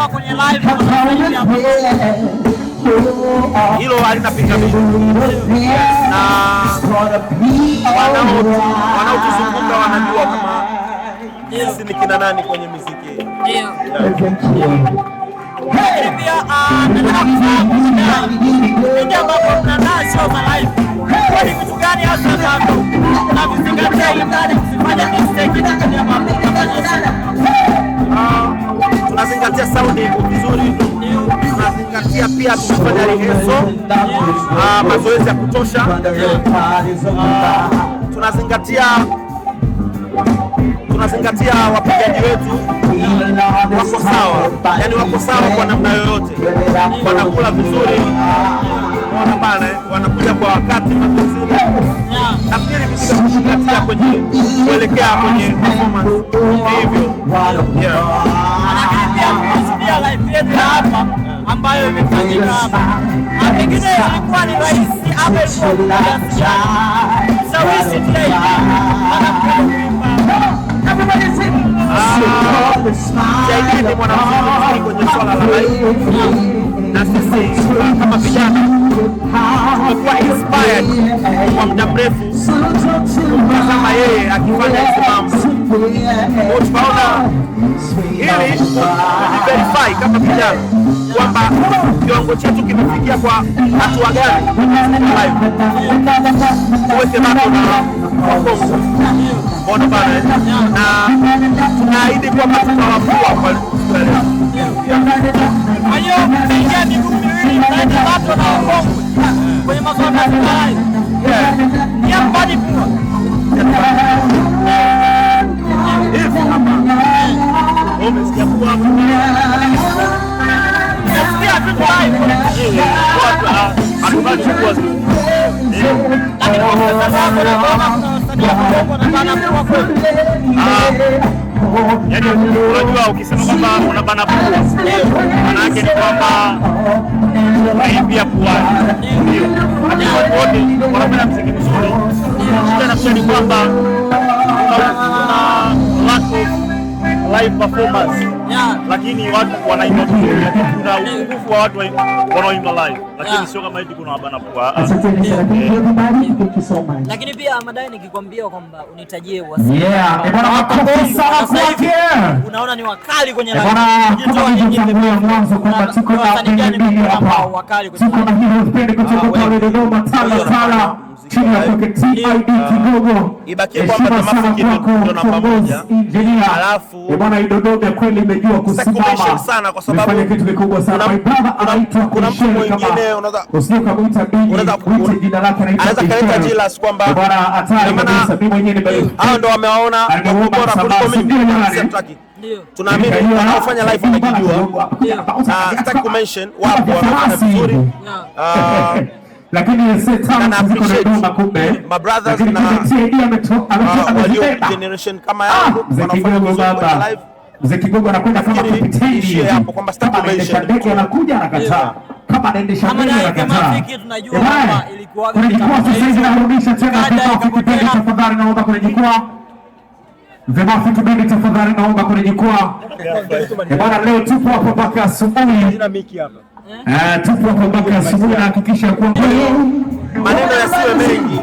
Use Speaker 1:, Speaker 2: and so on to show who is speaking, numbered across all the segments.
Speaker 1: Tumekuwa kwenye live hilo halinapiga na wanaotuzunguka wanajua kama sisi ni kina nani kwenye muziki. Lakini pia ah, nataka kufahamu mnaandaa show za live, ni vitu gani hasa ambavyo mnavizingatia ili mradi msifanye mistake katika mambo mnafanya tunazingatia saundi iko vizuri, tunazingatia pia tumefanya na ah, mazoezi ya kutosha, ah, tunazingatia tunazingatia wapigaji wetu wako sawa, yani wako sawa kwa namna yoyote, wanakula vizuri bana, wanakuja kwa wakati mazoezini. Nafikiri kuzingatia kwenye kuelekea kwenye performance hivyo, yeah. kufanyika hapa na pengine ilikuwa ni rahisi hapa sawisi tunaimba mwanafunzi kwenye swala la na sisi kama vijana tumekuwa inspired kwa muda mrefu kutazama yeye akifanya hizi mambo tukaona ili tujiverify kama vijana kwamba kiwango chetu kimefikia kwa hatua gani hayo uwesemako na wakongo mbona bana, na tunaahidi kwamba tutawafua kwa leo yaani unajua ukisema kwamba unabana pua, maana yake ni kwamba unaibia puani, ndio. Lakini wanafanya mziki mzuri, shida nafikiri ni kwamba kuna live performance yeah, lakini watu wanaimba, kuna upungufu wa watu wanaoimba live, lakini sio kama hivi, kuna wabana kwa ah. lakini pia madai, nikikwambia kwamba unitajie wasi, eh, unaona ni wakali kwenye eh, mwanzo kwamba tuko na wakali kwenye Dodoma, tala tala chini ya TID kidogo. Heshima sana kwako kiongozi injinia e bwana Idodoga, kweli imejua kusimama, umefanya kitu kikubwa sana. My brother anaitwa Kisheri, kama usije ukamwita unaweza kuita jina lake, anaitwa kwamba e bwana, hatari kabisa. Mimi mwenyewe ni bali hao ndo wamewaona bora kuliko mimi tunaamini wanaofanya live na ah, wapo wanafanya vizuri lakini ah, generation kama yangu ah, Mzee Kigogo anakwenda kama kupiteni hapo kwamba anaendesha ndege anakuja anakataa, kama anaendesha ndege anakataa. Kuna jukwaa sasa hivi narudisha tena Bendi, tafadhali naomba kwenye jukwaa. Vemafiki Bendi, tafadhali naomba kwenye jukwaa. Bwana, leo tupo hapa mpaka asubuhi. Eh? Ah, tupo mpaka asubuhi, kuwa maneno yasiwe mengi,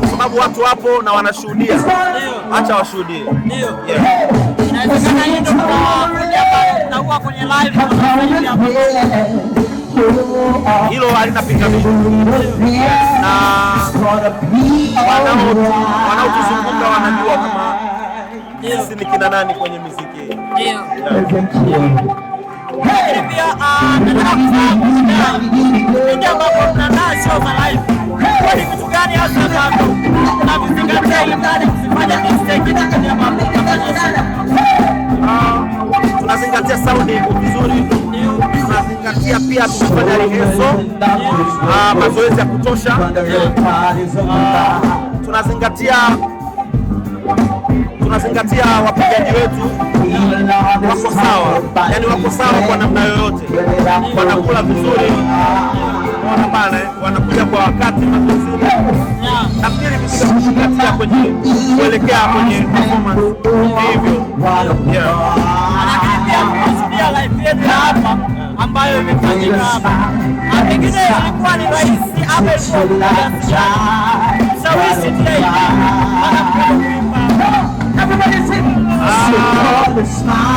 Speaker 1: kwa sababu watu wapo na wanashuhudia, acha washuhudie. Hilo halina pingamizi, na wanaotuzunguka wanajua kama sisi ni kina nani kwenye muziki lakini Tunazingatia saundi iko vizuri, tunazingatia pia tumefanya rehearsal, ah, mazoezi ya kutosha, ah, tunazingatia tunazingatia wapigaji wetu wako sawa, yani wako sawa kwa namna yoyote, wanakula vizuri, wana pale wanakuja kwa wakati mazuri. Nafikiri vitu kuzingatia kwenye kuelekea kwenye performance hivyo, yeah ambayo imefanyika hapa pengine ilikuwa ni rahisi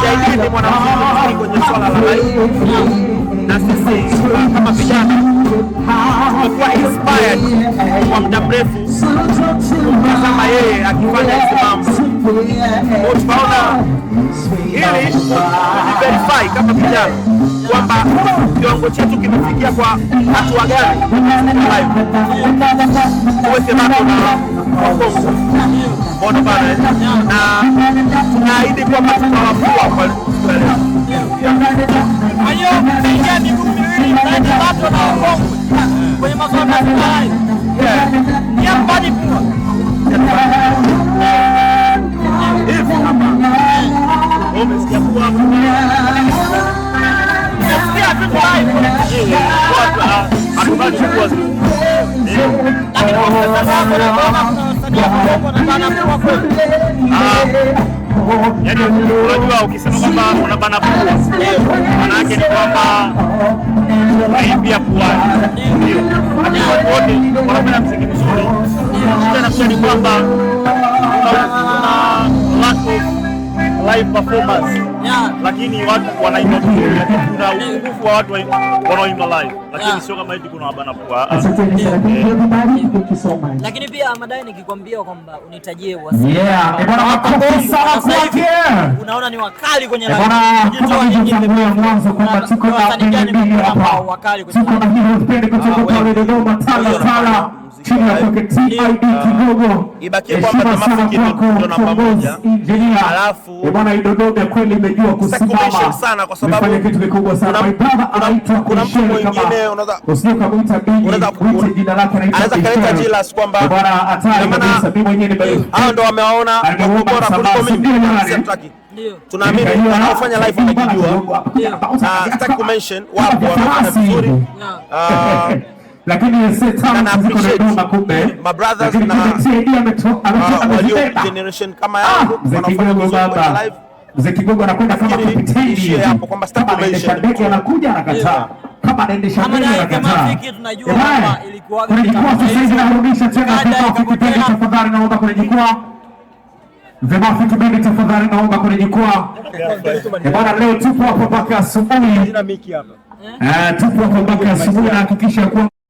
Speaker 1: Shahidi ni mwanamsingi msingi kwenye swala la raia, na sisi kama vijana tumekuwa inspired kwa muda mrefu kutazama yeye akifanya hizi mambo. Tunaona hili verify kama vijana kwamba kiwango chetu kimefikia kwa hatua gani. Mbona bana, na tunaahidi kwamba tutawafua kwenye Yaani, unajua ukisema kwamba unabana pua, maana yake ni kwamba unaibia puani. Wote wanafanya mziki mzuri, shida inakuwa ni kwamba live performance yeah, lakini watu wanaimba kuna upungufu wa watu wanaoimba live, lakini sio kama hivi kuna wabana kwa lakini pia madai nikikwambia kwamba unitajie wasanii yeah, bwana makosa kwake, unaona ni wakali kwenye live bwana, mwanzo kwamba tuko na wakali kwenye live, tuko na hiyo upende kutoka pale Dodoma tala tala chini ya kwake TID Kigogo, heshima e sana kwako kiongozi injinia. E bwana, Idodoga kweli imejua kusimama, imefanya kitu kikubwa sana. My brother anaitwa Kusheri, kama usije ukamwita Bigi, jina lake anaitwa Kusheri. Bwana hatari kabisa, mimi mwenyewe nimebali, hao ndo wamewaona bora kuliko mimi tunaamini wanaofanya live wanajijua. Ah, sitaki kumention wapo wanafanya vizuri lakini shetani kumbe, ah, generation kama yangu ah, baba Mzee Kigogo anakwenda kama kapiteni hapo, kwamba anaendesha ndege anakuja anakataa, kama anaendesha ndege anakataa. Kwenye jukwaa eh, sasa hivi narudisha tena Themafi Kibendi, tafadhali naomba kwenye jukwaa. Themafi Kibendi, tafadhali naomba kwenye jukwaa. Eh, bwana, leo tupo hapa mpaka asubuhi, eh, tupo hapa mpaka asubuhi, nahakikisha kuwa